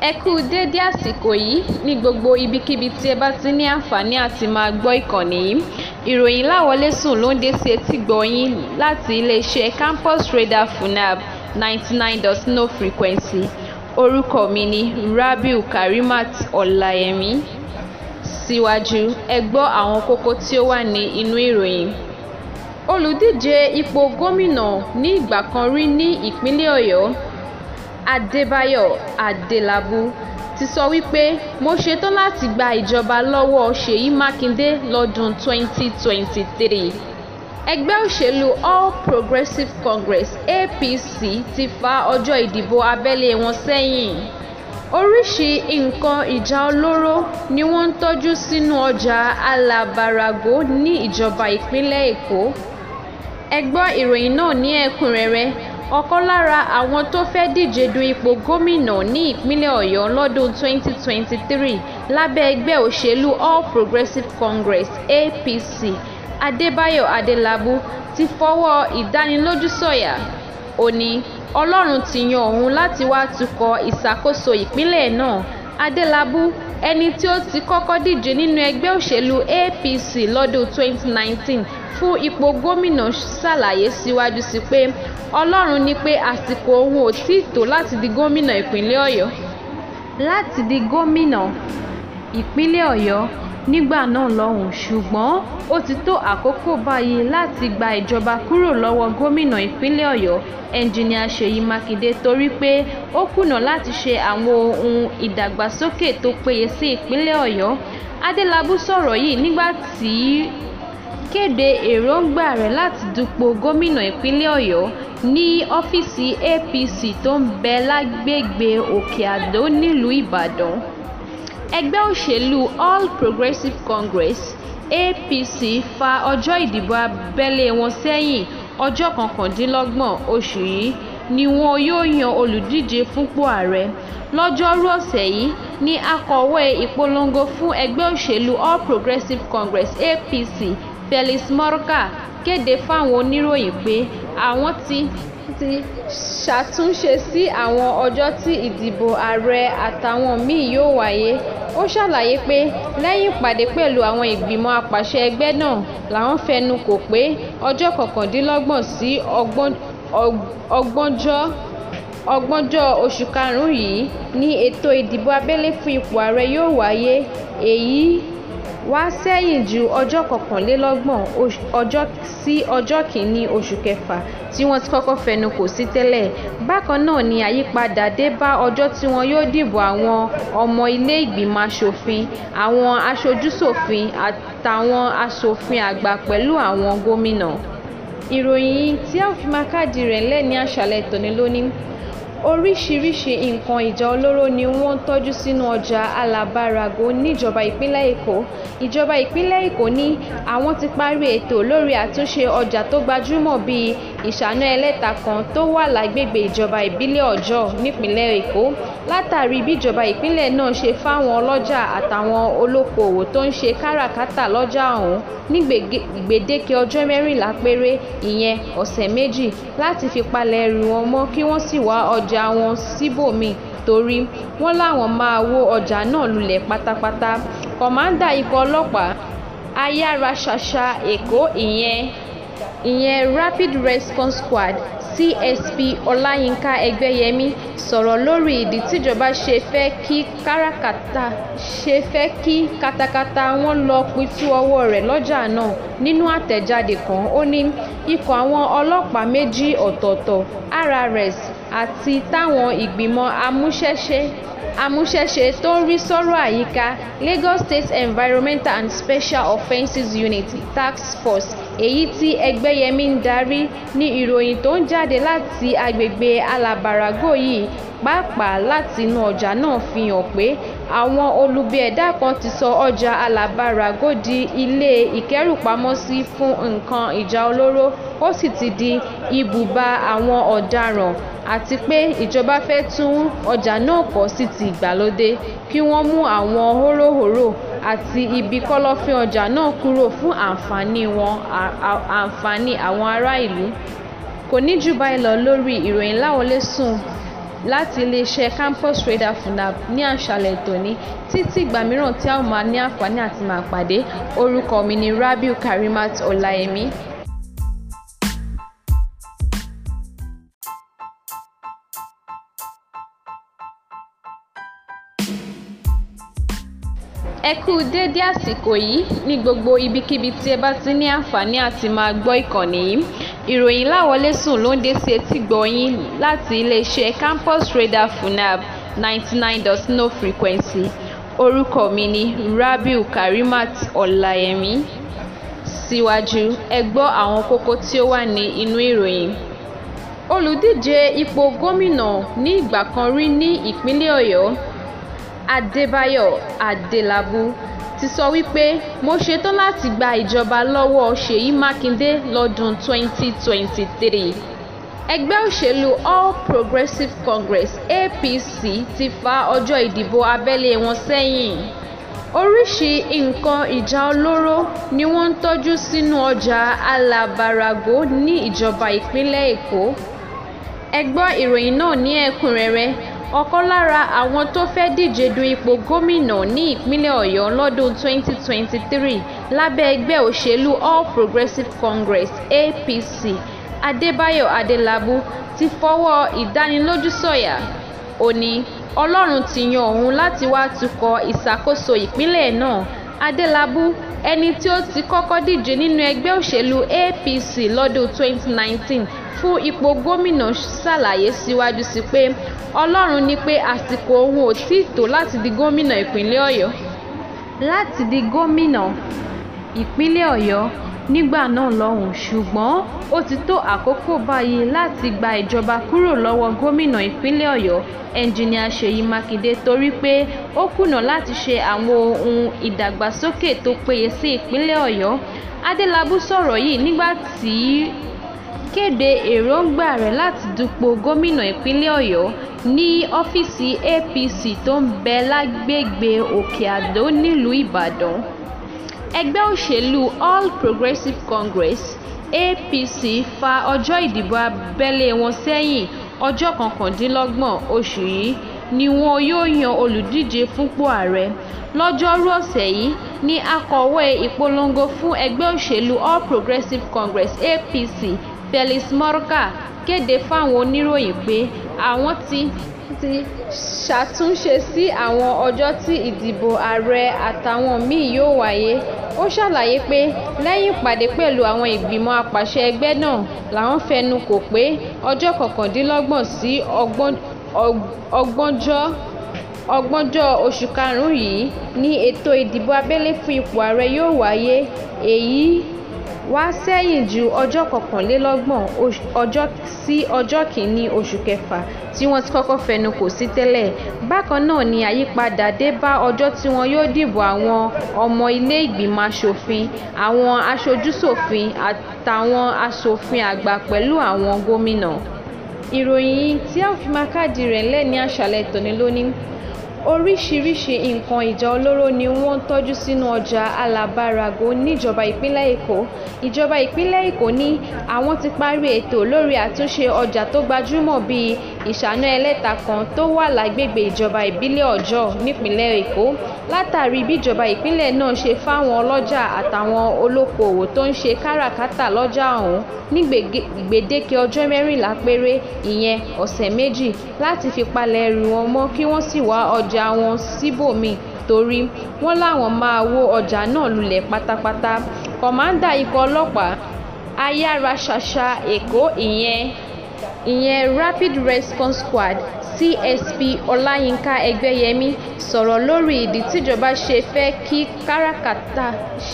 ẹ kú déédé àsìkò yìí ní gbogbo ibikíbi tí ẹ bá ti ní àǹfààní àti máa gbọ́ ìkànnì yìí ìròyìn láwọlé sùn ló ń dé sí etígbọ̀ yín láti iléeṣẹ́ campus radar funab ninety nine dot no frequency orúkọ mi ni rabiu karimat ọláyẹmí síwájú ẹ gbọ́ àwọn kókó tí ó wà ní inú ìròyìn olùdíje ipò gómìnà ní ìgbà kan rí ní ìpínlẹ̀ ọ̀yọ́ adébáyò adélábù ti sọ wípé mo ṣetán láti gba ìjọba lọ́wọ́ ṣèyí mákindé lọ́dún 2023 ẹgbẹ́ òṣèlú all Progressive congress apc ti fa ọjọ́ ìdìbò abẹ́lé wọn sẹ́yìn oríṣi nǹkan ìjà olóró ni wọ́n ń tọ́jú sínú ọjà alàbàràgó ní ìjọba ìpínlẹ̀ èkó ẹ gbọ́ ìròyìn náà ní ẹ̀kúnrẹ́rẹ́ ọ̀kan lára àwọn tó fẹ́ díje du ipò gómìnà ní ìpínlẹ̀ ọ̀yọ́ lọ́dún 2023 lábẹ́ ẹgbẹ́ òṣèlú all progressives congress apc adébáyọ̀ adélábù ti fọwọ́ ìdánilójú sọ̀yà ó ní ọlọ́run ti yan òun láti wá tukọ̀ ìṣàkóso ìpínlẹ̀ náà adélábù ẹni tí ó ti kọ́kọ́ díje nínú ẹgbẹ́ òṣèlú apc lọ́dún 2019 fún ipò gómìnà ṣàlàyé síwájú sí i pé ọlọ́run ní pé àsìkò òun ò tí ì tó láti di gómìnà ìpínlẹ̀ ọ̀yọ́ láti di gómìnà ìpínlẹ̀ ọ̀yọ́ nígbà náà lọ́hùn ṣùgbọ́n ó ti tó àkókò báyìí láti gba ìjọba kúrò lọ́wọ́ gómìnà ìpínlẹ̀ ọ̀yọ́ ẹnjìníà ṣèyí mákindé torí pé ó kùnà láti ṣe àwọn ohun ìdàgbàsókè tó péye sí ìpínlẹ̀ ọ̀yọ́ adélábù sọ̀rọ̀ yìí nígbà tí kéde èròǹgbà rẹ̀ láti dupò gómìnà ìpínlẹ̀ Ọ̀yọ́ ní ọ́fíìsì APC tó ń bẹ lágbègbè Òkè-Àdó nílùú Ìbàdàn. Ẹgbẹ́ òṣèlú All Progressives Congress APC fa ọjọ́ ìdìbò abẹ́lé wọn sẹ́yìn ọjọ́ kọkàndínlọ́gbọ̀n oṣù yìí ni wọn yóò yan olùdíje fúnpò ààrẹ lọ́jọ́rú ọ̀sẹ̀ yìí ní akọ̀wé ìpolongo fún ẹgbẹ́ òṣèlú All Progressives Congress APC felix morka kéde fáwọn oníròyìn pé àwọn ti ti ṣàtúnṣe sí àwọn ọjọ́ tí ìdìbò ààrẹ àtàwọn míì yóò wáyé ó ṣàlàyé pé lẹ́yìn ìpàdé pẹ̀lú àwọn ìgbìmọ̀ àpàṣẹ ẹgbẹ́ náà làwọn fẹnu kò pé ọjọ́ kọkàndínlọ́gbọ̀n sí ọgbọ̀njọ́ ọgbọ̀njọ́ oṣù karùn-ún yìí ni ètò ìdìbò abẹ́lé fún ipò ààrẹ yóò wáyé èyí wá sẹ́yìn ju ọjọ́ kọkànlélọ́gbọ̀n ọjọ́ sí ọjọ́ kìíní oṣù kẹfà tí wọ́n ti kọ́kọ́ fẹnu kò sí tẹ́lẹ̀ bákan náà ni àyípadà dé bá ọjọ́ tí wọn yóò dìbò àwọn ọmọ ilé ìgbìmọ̀ asòfin àwọn aṣojúṣòfin àtàwọn asòfin àgbà pẹ̀lú àwọn gómìnà ìròyìn tí a fi máa káàdì rẹ̀ ńlẹ̀ ní tòní lónìí oríṣiríṣi nǹkan ìjà olóró ni wọ́n ń tọ́jú sínú ọjà alábàáràgọ́ níjọba ìpínlẹ̀ èkó ìjọba ìpínlẹ̀ èkó ní àwọn ti parí ètò lórí àtúnṣe ọjà tó gbajúmọ̀ bíi ìṣáná ẹlẹ́ta kan tó wà lágbègbè ìjọba ìbílẹ̀ ọjọ́ nípínlẹ̀ èkó látàrí bíjọba ìpínlẹ̀ náà ṣe fáwọn ọlọ́jà àtàwọn olókoòwò tó ń ṣe káràkátà lọ́jà ọ̀hún ní gbèdéke ọjọ́ mẹ́rìnlá péré ìyẹn ọ̀sẹ̀ méjì láti fi palẹ̀ ẹrù wọn mọ́ kí wọ́n sì wá ọjà wọn síbòmíì torí wọ́n láwọn máa wó ọjà náà lulẹ̀ pátápátá kọ̀mándà ikọ̀ ọlọ́pàá ayára ṣàṣà èkó ìyẹn ìyẹn rapid response squad csp ọláyínká ẹgbẹ́yẹmí sọ̀rọ̀ lórí ìdí tíjọba ṣe fẹ́ kí káràkátà ṣe fẹ́ kí katakata wọn lọ pitú ọwọ́ rẹ̀ lọ́jà náà nínú àtẹ̀jáde kan ó ní ikọ̀ àwọn ọlọ́pàá méjì ọ̀tọ̀ọ̀tọ̀ rrs àti táwọn ìgbìmọ̀ amúṣẹ́ṣe amúṣẹ́ṣe tó ń rí sọ́rọ̀ àyíká Lagos State Environmental and Special Offences Unit Task Force èyí tí ẹgbẹ́yẹmí ń darí ni ìròyìn tó ń jáde láti agbègbè alábàrágò yìí pàápàá láti inú ọjà náà fi hàn pé àwọn olubi ẹ̀dá kan ti sọ ọjà alábàrágò di ilé ìkẹ́rùpamọ́sí fún nǹkan ìjà olóró ó sì ti di ibùba àwọn ọ̀daràn àti pé ìjọba fẹ́ tún ọjà náà kọ́ sí ti ìgbàlódé kí wọ́n mú àwọn hóròhóró àti ibi kọ́lọ́fín ọjà náà kúrò fún àǹfààní wọn àǹfààní àwọn ará ìlú kò ní jù báyìí lọ lórí ìròyìn láwọlé sùn láti iléeṣẹ́ campus radar funab ní àṣálẹ́ tòní títí ìgbà mìíràn tí a ó máa ní àǹfààní àti máa pàdé orúkọ mi ni Rabiu Karimat Ọláyẹmí ẹ kú déédé àsìkò yìí ní gbogbo ibikíbi tí ẹ bá ti ní àǹfààní àti máa gbọ́ ìkànnì yìí ìròyìn láwọlé sùn ló ń dé sí etí gbọ̀nyìn láti iléeṣẹ́ campus radar funab ninety nine dot no frequency orúkọ mi ni rabiu karimat ọláyẹmí síwájú ẹ gbọ́ àwọn kókó tí ó wà ní inú ìròyìn olùdíje ipò gómìnà ní ìgbà kan rí ní ìpínlẹ̀ ọ̀yọ́ adébáyò adélábù ti sọ wípé mo ṣetán láti gba ìjọba lọ́wọ́ ṣèyí mákindé lọ́dún 2023 ẹgbẹ́ òṣèlú all progressives congress apc ti fa ọjọ́ ìdìbò abẹ́lé wọn sẹ́yìn oríṣi nǹkan ìjà olóró ni wọ́n ń tọ́jú sínú ọjà alàbàràgó ní ìjọba ìpínlẹ̀ èkó ẹ ìròyìn náà ní ẹ̀kúnrẹ́rẹ́ ọ̀kan lára àwọn tó fẹ́ díje du ipò gómìnà ní ìpínlẹ̀ ọ̀yọ́ lọ́dún 2023 lábẹ́ ẹgbẹ́ òṣèlú all progressives congress apc adébáyọ̀ adélábù ti fọwọ́ ìdánilójú sọ̀yà ó ní ọlọ́run ti yan òun láti wá tukọ̀ ìṣàkóso ìpínlẹ̀ náà adélábù ẹni tí ó ti kọ́kọ́ díje nínú ẹgbẹ́ òṣèlú APC lọ́dún 2019 fún ipò gómìnà ṣàlàyé síwájú sí pé ọlọ́run ní pé àsìkò òun ò tí ì tó láti di gómìnà ìpínlẹ̀ Ọ̀yọ́ láti di gómìnà ìpínlẹ̀ Ọ̀yọ́ nígbà náà lọ́hùn ṣùgbọ́n ó ti tó àkókò báyìí láti gba ìjọba kúrò lọ́wọ́ gómìnà ìpínlẹ̀ ọ̀yọ́ ẹnjìníà ṣèyí mákindé torí pé ó kùnà láti ṣe àwọn ohun ìdàgbàsókè tó péye sí ìpínlẹ̀ ọ̀yọ́ adélábù sọ̀rọ̀ yìí nígbà tí kéde èròǹgbà rẹ̀ láti dupò gómìnà ìpínlẹ̀ ọ̀yọ́ ní ọ́fíìsì apc tó ń bẹ lágbègbè òkè àdó nílùú ìbàdàn ẹgbẹ́ òṣèlú all progressives congress apc fa ọjọ́ ìdìbò abẹ́lé wọn sẹ́yìn ọjọ́ kọkàndínlọ́gbọ̀n oṣù yìí ni wọn yóò yan olùdíje fúnpò ààrẹ lọ́jọ́rú ọ̀sẹ̀ yìí ní akọ̀wé ìpolongo fún ẹgbẹ́ òṣèlú all progressives congress apc felix morka kéde fáwọn oníròyìn pé àwọn ti ti ṣàtúnṣe sí àwọn ọjọ́ tí ìdìbò ààrẹ àtàwọn míì yóò wáyé ó ṣàlàyé pé lẹ́yìn ìpàdé pẹ̀lú àwọn ìgbìmọ̀ àpasẹ̀ ẹgbẹ́ náà làwọn fẹnu kò pé ọjọ́ kọkàndínlọ́gbọ̀n sí ọgbọ̀njọ́ ọgbọ̀njọ́ oṣù karùn-ún yìí ni ètò ìdìbò abẹ́lé fún ipò ààrẹ yóò wáyé èyí wá sẹ́yìn ju ọjọ́ kọkànlélọ́gbọ̀n sí ọjọ́ kìíní oṣù kẹfà tí wọ́n ti kọ́kọ́ fẹnu kò sí tẹ́lẹ̀ bákan náà ni àyípadà dé bá ọjọ́ tí wọn yóò dìbò àwọn ọmọ ilé ìgbìmọ̀ asòfin àwọn aṣojúṣòfin àtàwọn asòfin àgbà pẹ̀lú àwọn gómìnà ìròyìn tí a fi máa káàdì rẹ̀ ńlẹ̀ ní tòní lónìí oríṣiríṣi nǹkan ìjà olóró ni wọ́n ń tọ́jú sínú ọjà alàbàràgò níjọba ìpínlẹ̀ èkó ìjọba ìpínlẹ̀ èkó ní àwọn ti parí ètò lórí àtúnṣe ọjà tó gbajúmọ̀ bíi ìṣáná ẹlẹ́ta kan tó wà lágbègbè ìjọba ìbílẹ̀ ọjọ́ nípínlẹ̀ èkó látàrí bíjọba ìpínlẹ̀ náà ṣe fáwọn ọlọ́jà àtàwọn olókoòwò tó ń ṣe káràkátà lọ́jà ọ̀hún ní gbèdéke ọjọ́ mẹ́rìnlá péré ìyẹn ọ̀sẹ̀ méjì láti fi palẹ̀ ẹrù wọn mọ́ kí wọ́n sì wá ọjà wọn síbòmíì torí wọ́n láwọn máa wó ọjà náà lulẹ̀ pátápátá kọ̀mándà ikọ̀ ọlọ́pàá ayáraṣàṣà èkó ìyẹn ìyẹn rapid response squad csp ọláyínká ẹgbẹ́yẹmí sọ̀rọ̀ lórí ìdí tíjọba ṣe fẹ́ kí káràkátà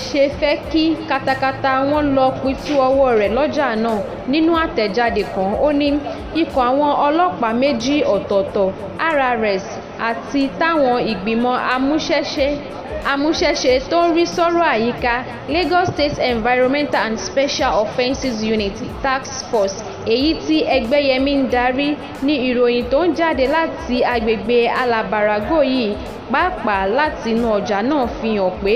ṣe fẹ́ kí katakata wọn lọ pitú ọwọ́ rẹ̀ lọ́jà náà nínú àtẹ̀jáde kan ó ní ikọ̀ àwọn ọlọ́pàá méjì ọ̀tọ̀ọ̀tọ̀ rrs àti táwọn ìgbìmọ̀ amúṣẹ́ṣe amúṣẹ́ṣe tó ń rí sọ́rọ̀ àyíká lagos state environmental and special offences unit task force èyí tí ẹgbẹ́yẹmí ń darí ni ìròyìn tó ń jáde láti agbègbè alábàrágò yìí pàápàá láti inú ọjà náà fi hàn pé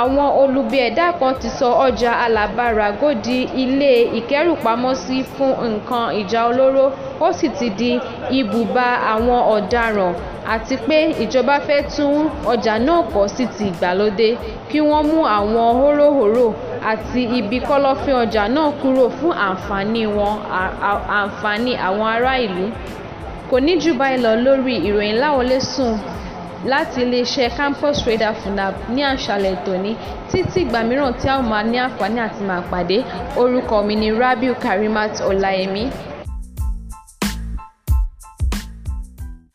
àwọn olubi ẹ̀dá kan ti sọ ọjà alábàrágò di ilé ìkẹ́rùpamọ́sí fún nǹkan ìjà olóró ó sì ti di ibùba àwọn ọ̀daràn àti pé ìjọba fẹ́ tún ọjà náà kọ́ sí ti ìgbàlódé kí wọ́n mú àwọn hóròhóró àti ibi kọ́lọ́fín ọjà náà kúrò fún àǹfààní wọn àǹfààní àwọn ará ìlú kò ní jù báyìí lọ lórí ìròyìn láwọlẹ́sùn láti iléeṣẹ́ campus radar funab ní àṣálẹ́ tòní títí ìgbà mìíràn tí a ó máa ní àǹfààní àti máa pàdé orúkọ mi ni Rabiu Karimat Ọláyẹmí